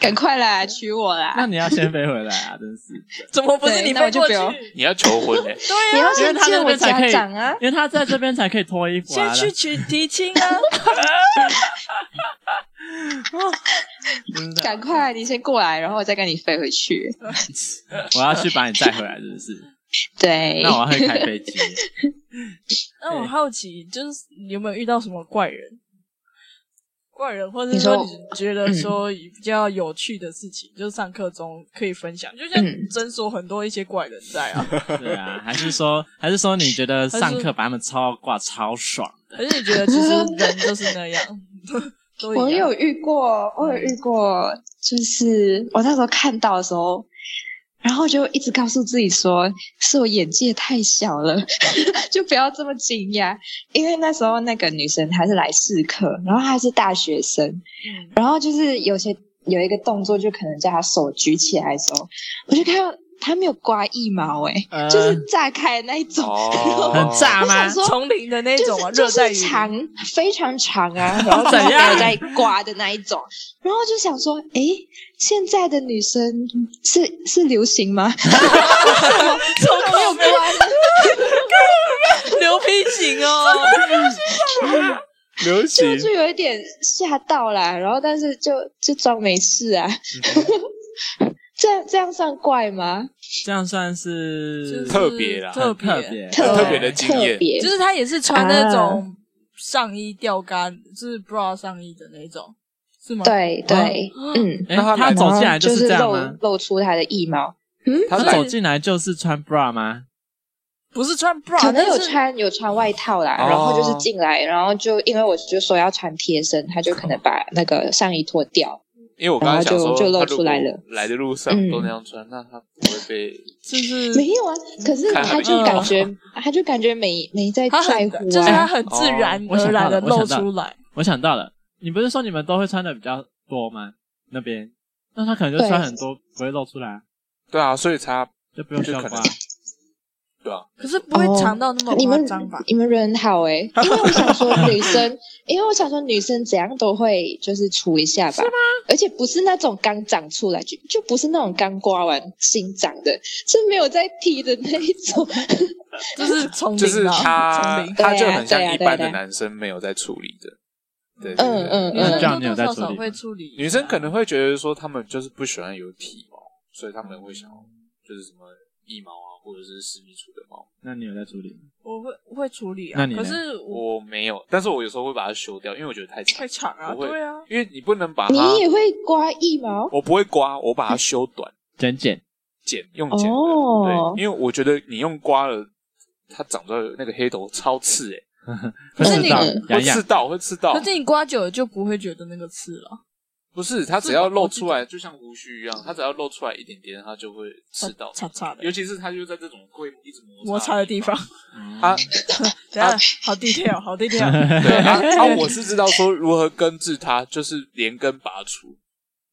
趕 [laughs] [laughs] 快啦，娶我啦！那你要先飛回來啊， [laughs] 真是？怎麼不是你飛過去？就要你要求婚嘞、欸？對呀、啊，因為他那邊才可以啊， [laughs] 因為他在這邊才可以脫衣服，先去取提親啊！ [laughs] [laughs] 趕、哦啊、趕快，你先過來，然後我再跟你飛回去。 [laughs] 我要去把你帶回來，真的是。對。那我要去開飛機。 [laughs] 那我好奇，就是你有沒有遇到什麼怪人？怪人，或者說你覺得說比較有趣的事情，就是上課中可以分享，就像診所很多一些怪人在啊。 [laughs] 對啊，還是說，還是說你覺得上課把他們超掛超爽？可是你覺得，其實人都是那樣。 [laughs] 啊、我有遇過，我有遇過，嗯、就是我那時候看到的時候，然後就一直告訴自己說是我眼界太小了，嗯、 [laughs] 就不要這麼驚訝，因為那時候那個女生她是來試課，然後她是大學生，然後就是有些有一個動作，就可能叫她手舉起來的時候，我就看到。他沒有刮腋毛誒、欸呃、就是炸開的那一種，很炸嗎？叢、 [laughs] 就是、林的那種、哦、熱、就、帶、是就是、長非常長啊，然後沒有在刮的那一種， [laughs] 然後就想說，誒、欸、現在的女生是是流行嗎？ [laughs] [laughs] 什麼 [laughs] 怎麼沒有刮 [laughs] 型、哦、 [laughs] [laughs] 流行哦，流 [laughs] 行，就有一點嚇到啦，然後但是就就裝沒事啊。 [laughs] 這樣這樣算怪嗎？這樣算是，是，是特別啦，特別、特別的經驗。就是他也是穿那種上衣吊杆、啊，就是 bra 上衣的那一種，是嗎？對對、啊，嗯。欸、然後他他走進來就是這樣、就是、露，露出他的腋毛。嗯，他，是他走進來就是穿 bra 嗎？不是穿 bra，可能有穿有穿外套啦，哦、然後就是進來，然後就因為我就說要穿貼身，他就可能把那個上衣脫掉。因為我剛剛想說、啊就，就露出來了。來的路上都那樣穿、嗯，那他不會被就是沒有啊。可是他就感覺，呃、他就感覺沒沒在在乎、啊，就是他很自然而然的露出來、哦我我。我想到了，你不是說你們都會穿的比較多嗎？那邊，那他可能就穿很多，不會露出來。對啊，所以才就不用樣服。對，可是不會長到那麼誇張吧？你們人好哎， [laughs] 因為我想說女生，因為我想說女生怎樣都會就是除一下吧？是嗎？而且不是那種剛長出來就就不是那種剛刮完新長的，是沒有在剃的那一種。就是、喔、 [laughs] 就是他他就很像一般的男生沒有在處理的。對，嗯嗯嗯，這樣沒有在處理。會處理女生可能會覺得說他們就是不喜歡有體毛，所以他們會想就是什麼腋毛啊。或者是私密處的毛，那你有在處理嗎？我會我會處理啊。那你呢？可是我沒有，但是我有時候會把它修掉，因為我覺得太長。太長啊會。對啊，因為你不能把它。你也會刮腋毛？我不會刮，我把它修短，剪剪剪，用剪。哦、oh.。對，因為我覺得你用刮了，它長出來的那個黑頭超刺欸呵，可是你會刺到會刺到，可是，是你刮久了就不會覺得那個刺了。不是，它只要露出來，就像鬍鬚一樣，它只要露出來一點點，它就會吃到。摩、哦、擦的，尤其是它就在這種會一直摩擦的地方。地方嗯、啊啊，好 detail，好 detail，對啊， [laughs] 啊，我是知道說如何根治它，就是連根拔除，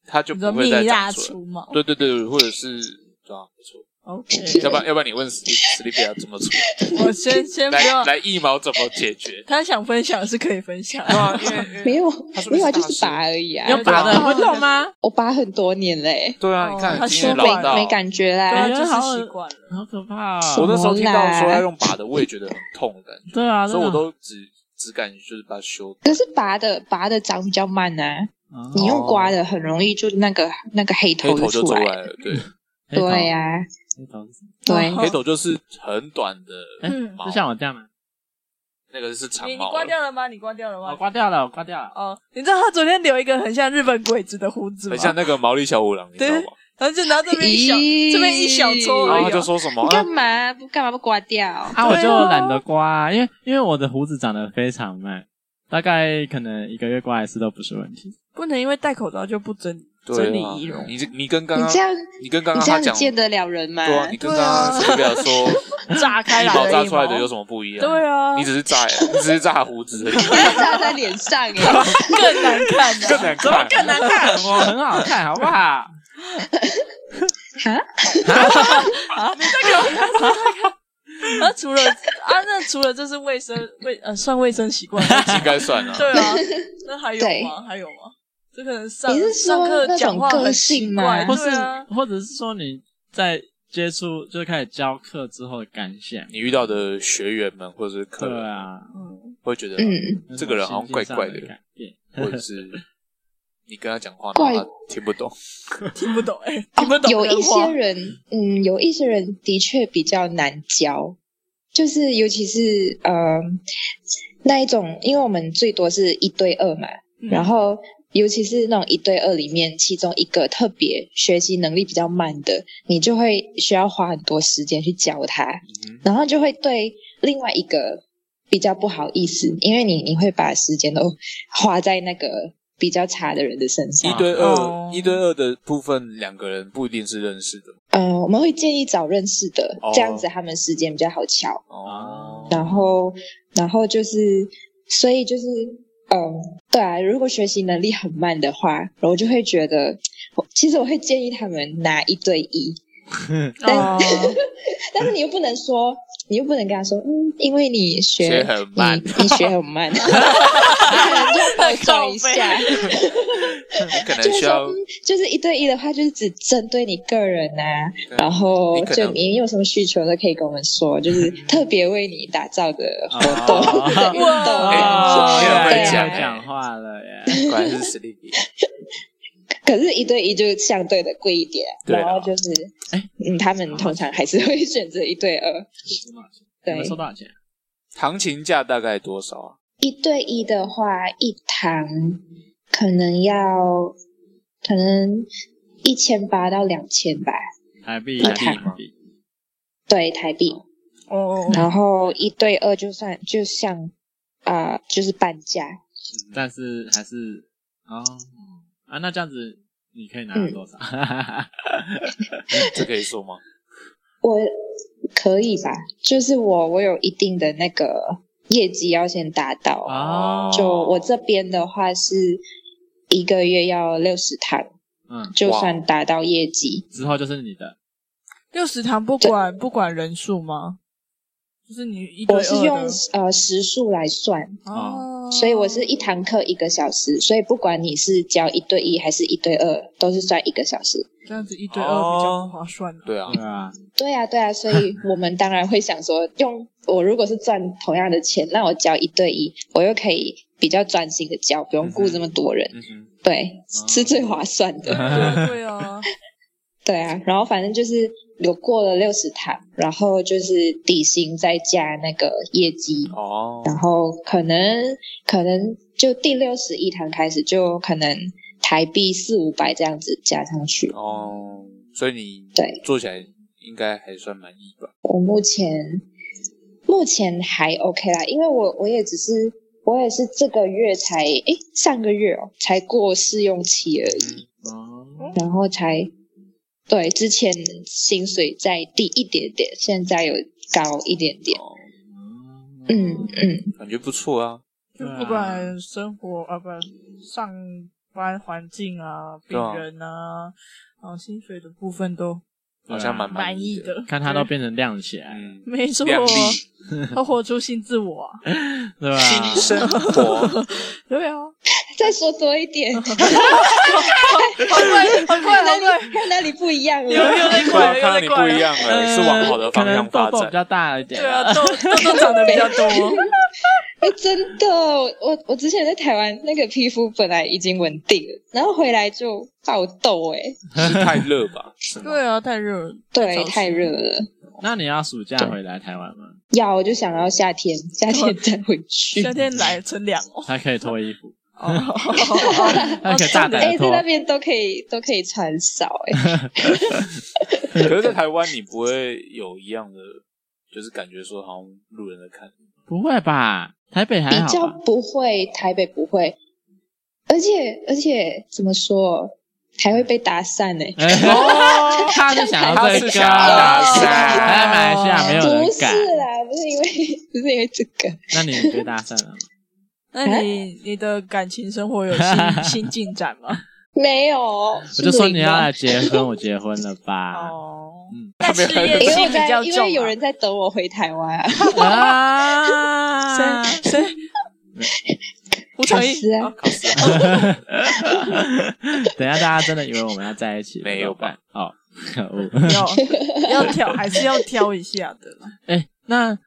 它就不會再長出來。對對對，或者是抓、啊、不錯。OK，要不然要不然你問 Sylvia 怎麼處理？我先先不要來，來腋毛怎麼解決？他想分享是可以分享的， [laughs] 沒有，是是沒有啊，就是拔而已啊。要拔的，你懂嗎？我拔很多年嘞、欸。對啊，你看、哦、今天沒沒感覺啦，真、啊就是習慣、就是、了，好可怕啊！我那時候聽到說要用拔的，我也覺得很痛的感覺。對啊，所以我都只只敢就是把它修。可是拔的拔的長比較慢呢、啊哦，你用刮的很容易就那個那個黑頭就出來了。來了。對。嗯對呀、啊，黑頭是什麼？對，黑頭就是很短的，嗯、欸，就像我這樣嗎、啊？那個是長毛。你你刮掉了嗎？你刮掉了嗎？我刮掉了，我刮掉了。哦，你知道他昨天留一個很像日本鬼子的鬍子嗎？很像那個毛利小五郎，你知道嗎？然後就拿這邊一小，欸、這邊一小撮，啊，然後他就說什麼、啊？幹嘛？不幹嘛？不刮掉、哦、啊？我就懶得刮、啊，因為因為我的鬍子長得非常慢，大概可能一個月刮一次都不是問題。不能因為戴口罩就不整理。整理儀容，你這你跟剛剛你你跟剛剛他講見得了人嗎？對啊，你跟剛剛受不了說、啊、 [laughs] 炸開，你毛炸出來的有什麼不一樣？對啊，你只是炸、欸，你只是炸胡子而已， [laughs] 你要炸在臉上、欸， [laughs] 更，難看更，更難看，更難看，更難看，我很好看好不好？ [laughs] 啊？啊！你、啊、這、啊、個、啊哎 [laughs] 啊啊，那除了就啊那除了這是衛生衛，呃，算衛生習慣，應、啊、該算了、啊。 [laughs] 對啊，那還有嗎？還有嗎？你是說那種個性嗎？上上課講話很奇怪？對啊、或者是說，你在接觸就是開始教課之後的感想，你遇到的學員們或者是課啊，會覺得嗯、啊，這個人好像怪怪的，嗯、或者是你跟他講話的話聽不懂，聽不懂哎，聽不懂。 [laughs] 聽不懂欸、聽不懂。有一些人嗯，有一些人的確比較難教，就是尤其是嗯、呃，那一種，因為我們最多是一對二嘛，然後。嗯尤其是那種一對二裡面，其中一個特別學習能力比較慢的，你就會需要花很多時間去教他，嗯、然後就會對另外一個比較不好意思，因為你你會把時間都花在那個比較差的人的身上。一對二，哦、一對二的部分，兩個人不一定是認識的。嗯、呃，我們會建議找認識的，這樣子他們時間比較好敲。哦，然後，然後就是，所以就是。嗯，對啊，如果學習能力很慢的話，然後我就會覺得，我其實我會建議他們拿一對一。 [laughs] 嗯嗯、但、哦、但是你又不能說，你又不能跟他說，嗯，因為你學學很慢你，你學很慢， [laughs] 啊、 [laughs] 可能就放鬆一下，可， [laughs] 可能需要就、嗯，就是一對一的話，就是只針對你個人吶、啊。然後你可能就你有什麼需求都可以跟我們說，就是特別為你打造的活動的運、哦、 [laughs] 動這樣。沒、哦、有會講講話了呀，關 [laughs] 鍵是實力比。可是，一對一就相對的貴一點對、哦，然後就是、欸，嗯，他們通常還是會選擇一對二。收多少錢？對。收多少錢？行情價大概多少啊？一對一的話，一堂可能要，可能一千八到兩千吧。台幣。台幣。對，台幣。哦、嗯。然後一對二就算，就像，啊、呃，就是半價、嗯。但是還是，哦啊，那這樣子你可以拿多少？嗯、 [laughs] [laughs] 這可以說嗎？我可以吧，就是我我有一定的那個業績要先達到啊。就我這邊的話是一個月要六十堂，嗯，就算達到業績之後就是你的六十堂，不管不管人數嗎？就是你一對二我是用呃時數來算、哦，所以我是一堂課一個小時，所以不管你是教一對一還是一對二，都是算一個小時。這樣子一對二比較划算的、哦，對啊，對、嗯、啊，對啊，對啊，所以我們當然會想說， [laughs] 用我如果是賺同樣的錢，那我教一對一，我又可以比較專心的教，不用顧這麼多人、嗯嗯，對，是最划算的，對，對啊。 [laughs] 對啊，然後反正就是有過了六十堂，然後就是底薪再加那個業績哦，然後可能可能就第六十一堂開始，就可能台幣四五百這樣子加上去哦，所以你對做起來應該還算滿意吧？我目前目前還 OK 啦，因為我我也只是我也是這個月才誒上個月哦才過試用期而已，嗯哦、然後才。對，之前薪水再低一點點，現在有高一點點，嗯嗯、欸，感覺不錯啊。就不管生活啊，啊，不上班環境啊，病人啊，啊，啊，薪水的部分都好像蠻滿意的。意的看它都變成亮起來，嗯、沒錯，要活出新自我、啊，對吧、啊？新生活，對啊。 [laughs] 再說多一點， [laughs] 看哪裡，看哪裡不一樣了。有有那塊，看不一樣了,了,了,了,了、嗯。是往好的方向發展，痘、嗯、痘比較大一點。對啊，痘痘 [laughs] 長得比較多。哎，真的，我我之前在台灣那個皮膚本來已經穩定了，然後回來就爆痘、欸。哎，太熱吧？對啊，太熱了。對，太熱了。那你要暑假回來台灣嗎？要，我就想要夏天，夏天再回去。夏天來春涼哦，還可以脫衣服。 [laughs] [laughs] 哦，那是個大男哎，在那邊都可以，都可以穿少哎 [laughs] 可是，在台灣你不會有一樣的，就是感覺說好像路人在看。不會吧？台北還好吧？比較不會，台北不會。而且，而且怎麼說，還會被搭訕呢、欸？哦、 [laughs] 他是想要這個他、啊。他在馬來西亞沒有人敢。不是啦，不是因為，不是因為這個。那你們被搭訕了。那你你的感情生活有新 [laughs] 新進展嗎？沒有。我就說你要來結婚， [laughs] 我結婚了吧。哦，特、嗯、別是現、啊、在，因為有人在等我回台灣啊。 [laughs] 啊！不誠實啊！哦、啊 [laughs] [laughs] 等一下大家真的以為我們要在一起，沒有辦法。好、哦、可惡！ [laughs] 要要挑，還是要挑一下的了。哎、欸，那。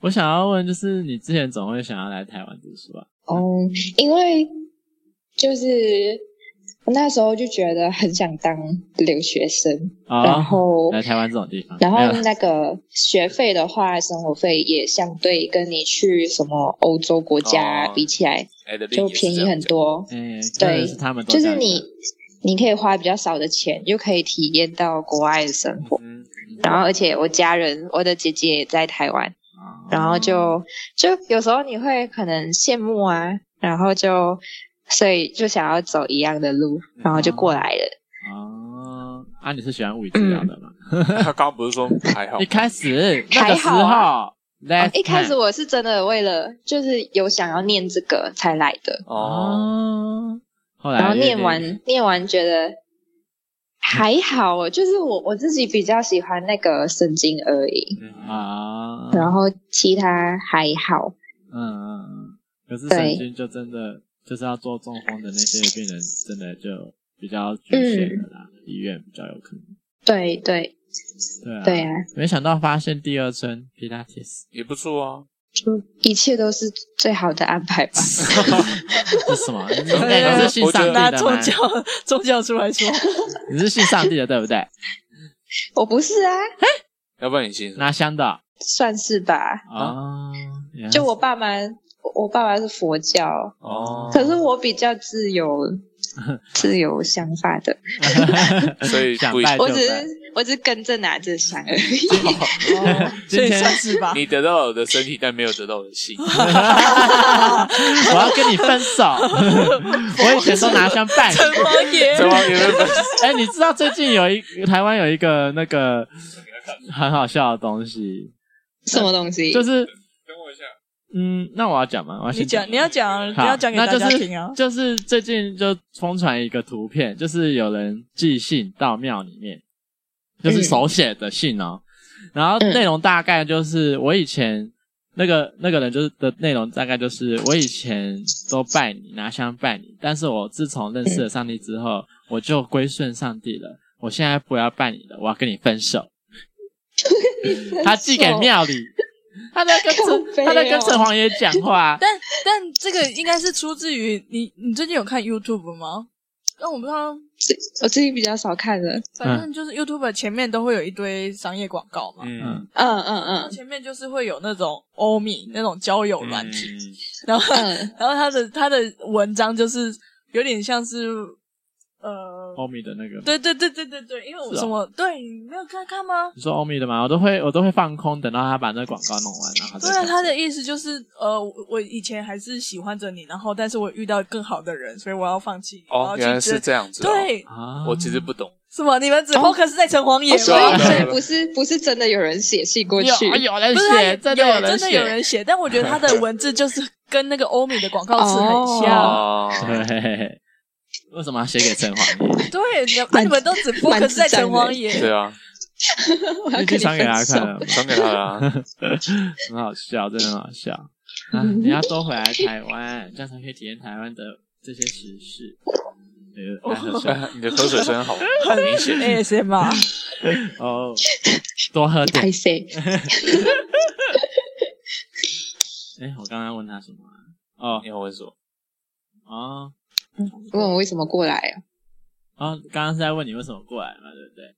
我想要問，就是你之前總會想要來台灣讀書啊？嗯，因為就是我那時候就覺得很想當留學生，oh, 然後來台灣這種地方，然後那個學費的話，生活費也相對跟你去什麼歐洲國家比起來，就便宜很多。嗯，oh，對，就是你你可以花比較少的錢，又可以體驗到國外的生活。嗯，然後，而且我家人，我的姐姐也在台灣。然後就就有時候你會可能羨慕啊，然後就所以就想要走一樣的路，然後就過來了。哦、嗯嗯，啊，你是喜歡物理治療的嗎？他、嗯、 [laughs] 剛，剛不是說還好？一開始 [laughs] 還好、啊。那、啊、一開始我是真的為了就是有想要念這個才來的哦。後來然後念完念完覺得。 [laughs] 還好哦，就是我我自己比較喜歡那個神經而已、嗯、啊，然後其他還好。嗯，嗯可是神經就真的就是要做中風的那些病人，真的就比較局限的啦、嗯，醫院比較有可能。對對對啊對啊！沒想到發現第二春皮拉提斯也不錯哦。一切都是最好的安排吧 [laughs] ？什麼？ [laughs] [laughs] 對對對 [laughs] 你是信上帝的？宗教，宗教出來說，你是信上帝的，對不對？ [laughs] 我不是啊，要不然你信？拿香的，算是吧？啊，就我爸媽，我爸媽是佛教哦、啊，可是我比較自由。是有想法的。 [laughs] 所以不。我只是我只是跟着拿着香而已。哦哦，你得到我的身體，但沒有得到我的心。 [laughs] [laughs] 我要跟你分手。 [laughs] 我以前都拿香辦。怎哎、 [laughs] 欸，你知道最近有一台灣有一個那個很好笑的東西？ [laughs] 什麼東西？就是。嗯，那我要講嗎？我要先講，你講，你要講、啊，你要講給大家聽哦、啊就是、就是最近就瘋傳一個圖片，就是有人寄信到廟裡面，就是手寫的信哦。嗯、然後內容大概就是我以前、嗯、那個那個人就是的內容大概就是我以前都拜你，拿香拜你，但是我自從認識了上帝之後，我就歸順上帝了。我現在不要拜你了，我要跟你分手。分手 [laughs] 他寄給廟裡。 [laughs] 他在跟，哦、他在跟城隍爺講話， [laughs] 但但這個應該是出自於你，你最近有看 YouTube 嗎？那我不知道，我最近比較少看了。反正就是 YouTube 前面都會有一堆商業廣告嘛，嗯、啊、嗯嗯嗯，前面就是會有那種 Omi 那種交友軟體、嗯。然後、嗯、然後他的他的文章就是有點像是呃。歐、oh, 米的那個，對對對對對對，因為我什麼，啊、對你沒有看看嗎？你說歐米的嗎？我都會我都會放空，等到他把那個廣告弄完，然後他。對啊，他的意思就是，呃，我以前還是喜歡着你，然後，但是我遇到更好的人，所以我要放棄。哦，原來是這樣子、哦，對，啊。我其實不懂。什麼？你們只好看是在城隍爺，所、哦、以、哦啊、不是不是，不是真的有人寫信過去，有，有人寫，真的有人寫，但我覺得他的文字就是跟那個歐米的廣告詞很像。嘿嘿嘿。 [laughs] [laughs] 為什麼要寫給城隍爺？對，你們都只不過是在城隍爺。對啊，就 [laughs] 唱給大家看了，唱給他啊， [laughs] 很好笑，真的很好笑。啊，人家多回來台灣，這樣才可以體驗台灣的這些時事。哦啊、你的喝水聲音好很明顯。哎，先嘛，哦，多喝點。哎 [laughs] 欸，我剛剛問他什麼、啊？哦，你、欸、有問麼哦。問我為什麼過來啊？哦，剛剛是在問你為什麼過來嘛，對不對？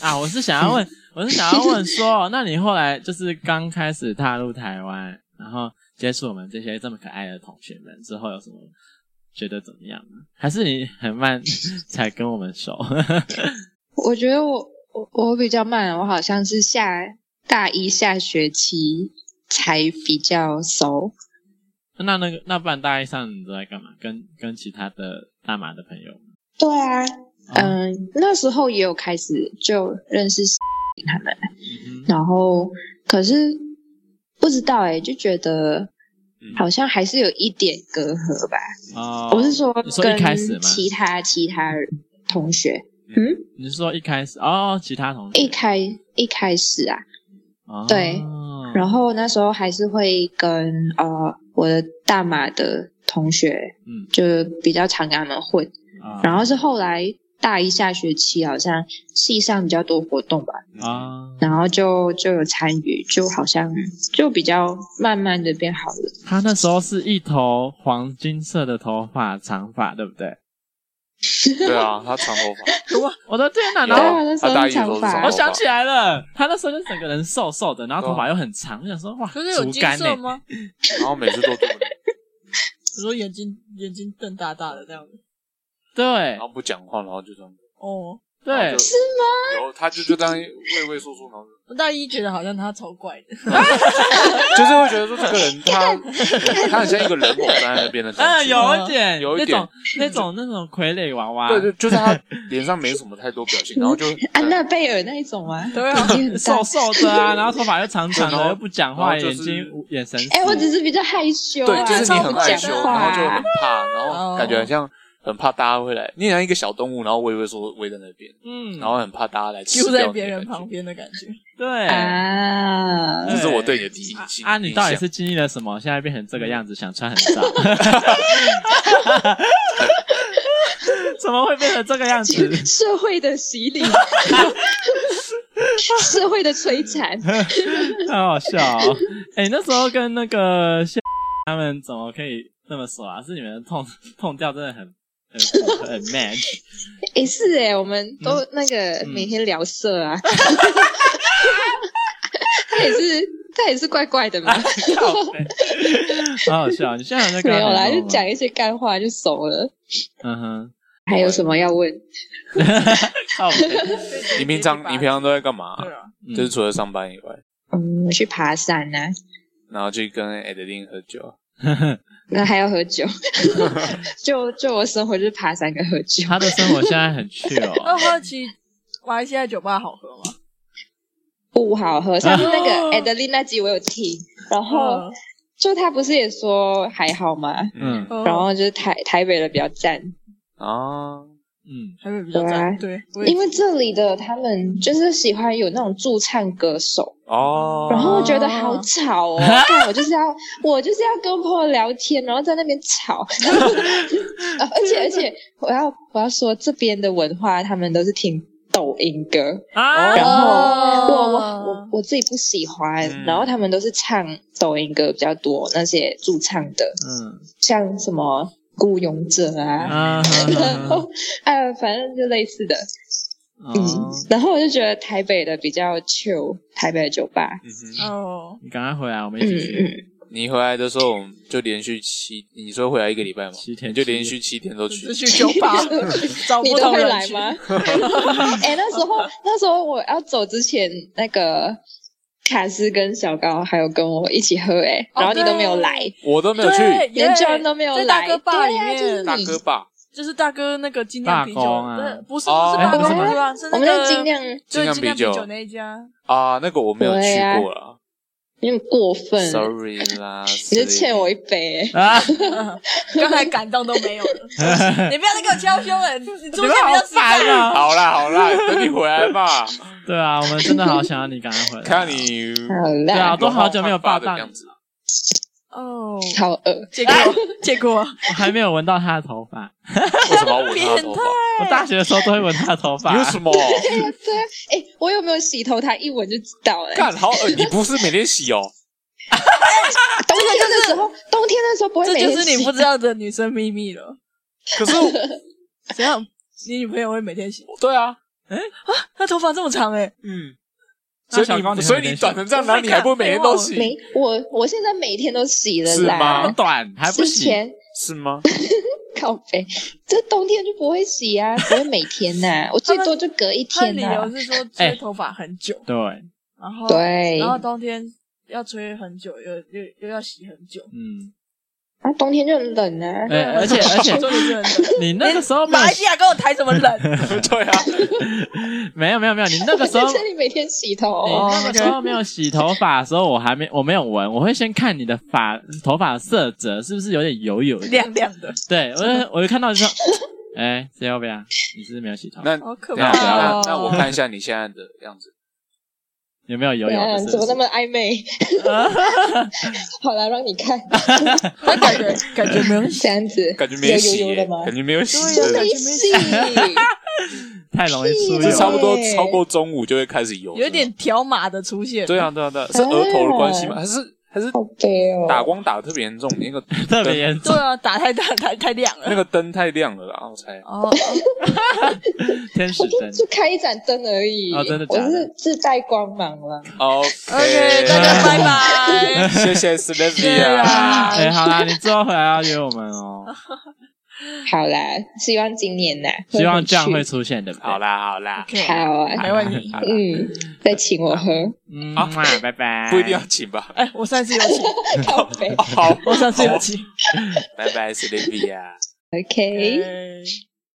啊，我是想要問， [laughs] 我是想要問說，那你後來就是剛開始踏入台灣，然後接觸我們這些這麼可愛的同學們之後，有什麼覺得怎麼樣呢？還是你很慢才跟我們熟？ [laughs] 我覺得我我我比較慢，我好像是下大一下學期才比較熟。那那個，那不然大一上你都在幹嘛？跟跟其他的大馬的朋友嗎？對啊，嗯、哦呃，那時候也有開始就認識、X、他們，嗯、然後可是不知道哎，就覺得、嗯、好像還是有一點隔閡吧。哦，我是說，跟其他其他同學？嗯，你是說一開始哦？其他同學？一開一開始啊、哦？對，然後那時候還是會跟呃。我的大馬的同學，嗯，就比較常跟他們混，嗯，然後是後來大一下學期，好像系上比較多活動吧，啊，嗯，然後就就有參與，就好像就比較慢慢的變好了。他那時候是一頭黃金色的頭髮，長髮，對不對？ [laughs] 對啊，他長頭髮。我的天啊，對啊，然後他，他大一頭髮。我想起來了，他那時候就整個人瘦瘦的，然後頭髮又很長，啊、我想說哇，不是有金色嗎？欸、 [laughs] 然後每次都，有時候眼睛眼睛瞪大大的這樣子。對。然後不講話，然後就這樣子。哦、oh. 對，是嗎？然後他就就當畏畏縮縮，然後我大一覺得好像他超怪的， [laughs] [laughs] 就是會覺得說這個人他他很像一個人偶站在那邊的，嗯、啊，有一點，有一點那種，點那，種、嗯、那，種那種傀儡娃娃。對對，就，就是他臉上沒什麼太多表情，然後就安娜貝爾那一種啊，對啊，很瘦瘦的啊，然後頭髮又長長的，又不講話、就是，眼睛眼神。哎、欸，我只是比較害羞。啊對，就是你很害羞、啊話，然後就很怕，然後感覺好像。啊很怕大家會來，你像一個小動物，然後我也會說圍在那邊，嗯，然後很怕大家來欺負，住在別人旁邊的感覺，對，啊。這是我對你的第一印象。啊，你到底是經歷了什麼、嗯，現在變成這個樣子，嗯、想穿很少？ [laughs] [laughs] [laughs] [laughs] 怎麼會變成這個樣子？社會的洗禮， [laughs] 社會的摧殘，太 [laughs] [laughs] 好笑了、哦！哎、欸，那時候跟那個現他們怎麼可以那麼熟啊？是你們痛痛掉，真的很？很 man，誒是哎、欸，我們都、嗯、那個每天聊色啊，嗯、 [laughs] [laughs] 他也是他也是怪怪的嘛，好好笑，你現在在沒有啦，就講一些幹話就熟了，嗯哼， [laughs] 還有什麼要問？ [laughs] 你平常你平常都在幹嘛、啊？就是除了上班以外，嗯，去爬山啊，然後去跟 Adeline 喝酒。 [laughs] 那、嗯、還要喝酒？ [laughs] [laughs] 就就我生活就是爬山跟喝酒。他的生活現在很趣哦。 [laughs] 我好奇，馬來西亞酒吧好喝嗎？不好喝。上次那個艾德麗那集我有聽，啊，然後就他不是也說還好嗎？嗯。然後就是台台北的比較讚。哦。嗯，還對、啊、對，因為這裡的他們就是喜歡有那種駐唱歌手哦，然後覺得好吵哦。啊、我就是要， [laughs] 我就是要跟朋友聊天，然後在那邊吵然後、 [laughs] [laughs] 啊。而且而且我，我要我要說這邊的文化，他們都是聽抖音歌，啊、然後我我我我自己不喜歡、嗯，然後他們都是唱抖音歌比較多，那些駐唱的，嗯，像什麼。孤勇者啊，啊然後、啊啊、反正就類似的、哦，嗯，然後我就覺得台北的比較酷，台北的酒吧。哦、嗯，你趕快回來，我們一起去。嗯嗯、你回來的時候，我們就連續七，你說回來一個禮拜嗎？七天，就連續七天都去，去酒吧， [laughs] 找不同人去。你都會來嗎？哎、 [laughs] [laughs] 欸，那時候那時候我要走之前那個。卡斯跟小高還有跟我一起喝誒、欸，然後你都沒有來，我都沒有去，連人都沒有來。對，在大哥吧裡面，啊就是、大哥吧就是大哥那個精釀啤酒，啊、不是不，哦、是大哥什麼，我們在精釀，精釀啤酒那一家啊，那個我沒有去過了。因為過分，sorry 啦，你就欠我一杯欸。啊，剛 [laughs] 才感動都沒有了， [laughs] 你不要再給我嬌羞了，你真的好煩啊！好啦好啦，等你回來吧。 [laughs] 對啊，我們真的好想要你趕快回來，看到你，對啊，都好久沒有爸這樣子了。哦、oh.，超噁！結果結果，我還沒有聞到他的頭髮。 [laughs] [laughs] 我大學的時候都會聞他的頭髮、啊。為什麼？ [laughs] 對呀、啊，對、啊。哎、欸，我有沒有洗頭？他一聞就知道了、欸。哎，幹好惡！你不是每天洗哦。 [laughs] 欸、冬天的時候 [laughs] 冬天的時候，冬天的時候不會洗。這就是你不知道的女生秘密了。 [laughs] 可是，怎樣？你女朋友會每天洗？對啊。哎、欸、啊，他頭髮這麼長哎、欸。嗯。所以，所以你短成這樣，哪裡還不每天都洗？我我，我，我現在每天都洗的，是嗎？短還不洗？是，是嗎？ [laughs] 靠北，這冬天就不會洗啊，不會每天吶、啊， [laughs] 我最多就隔一天、啊他那。他理由是說吹頭髮很久，對、欸，然後對，然後冬天要吹很久，又又又要洗很久，嗯。啊，冬天就很冷呢、啊。對、欸，而且而且， [laughs] 你那個時候，馬來西亞跟我談什麼冷？對啊，沒有沒有沒有，你那個時候，你每天洗頭、啊，哦、 [laughs] 那個時候沒有洗頭髮的時候，我還沒我沒有聞，我會先看你的髮頭髮色澤是不是有點油油點亮亮的？對，我就我就看到就說，哎、 [laughs] 欸，要不要？你是不是沒有洗頭？那那、哦、那，那那我看一下你現在的樣子。有沒有油油的？啊、你怎麼那麼曖昧？ [laughs] [laughs] 好了，讓你看， [laughs] 感覺 [laughs] 感覺沒有這樣子油油，感覺沒有洗了、啊、感覺沒有力。 [laughs] 太容易出油， [laughs] 的欸、 [laughs] 差不多超過中午就會開始油。有點條碼的出現， [laughs] 對啊對啊對啊，是額頭的關係嗎、欸？還是？還是好哦！打光打得特別嚴重，那個特別嚴重。對啊，打太大太太亮了。那個燈太亮了，然後才哦， [laughs] 天使燈。我就開一盞燈而已。啊、哦，真的，假的。我是自帶光芒了。好 okay，OK，大家拜拜。 [laughs] 謝謝 Sylvia [laughs] 是啦，謝 [laughs] 謝、欸，啦啊。好啊，你最後回來要約我們哦、喔。 [laughs] 好啦，希望今年呢，希望這樣會出現的。好啦，好啦，okay, 好、啊，台灣，嗯，再請我喝，好、啊、嘛、嗯啊，拜拜，不一定要請吧，哎，我上次有請，好、 [laughs] 哦， [laughs] 我上次有請， [laughs] 拜拜 Sylvia, OK。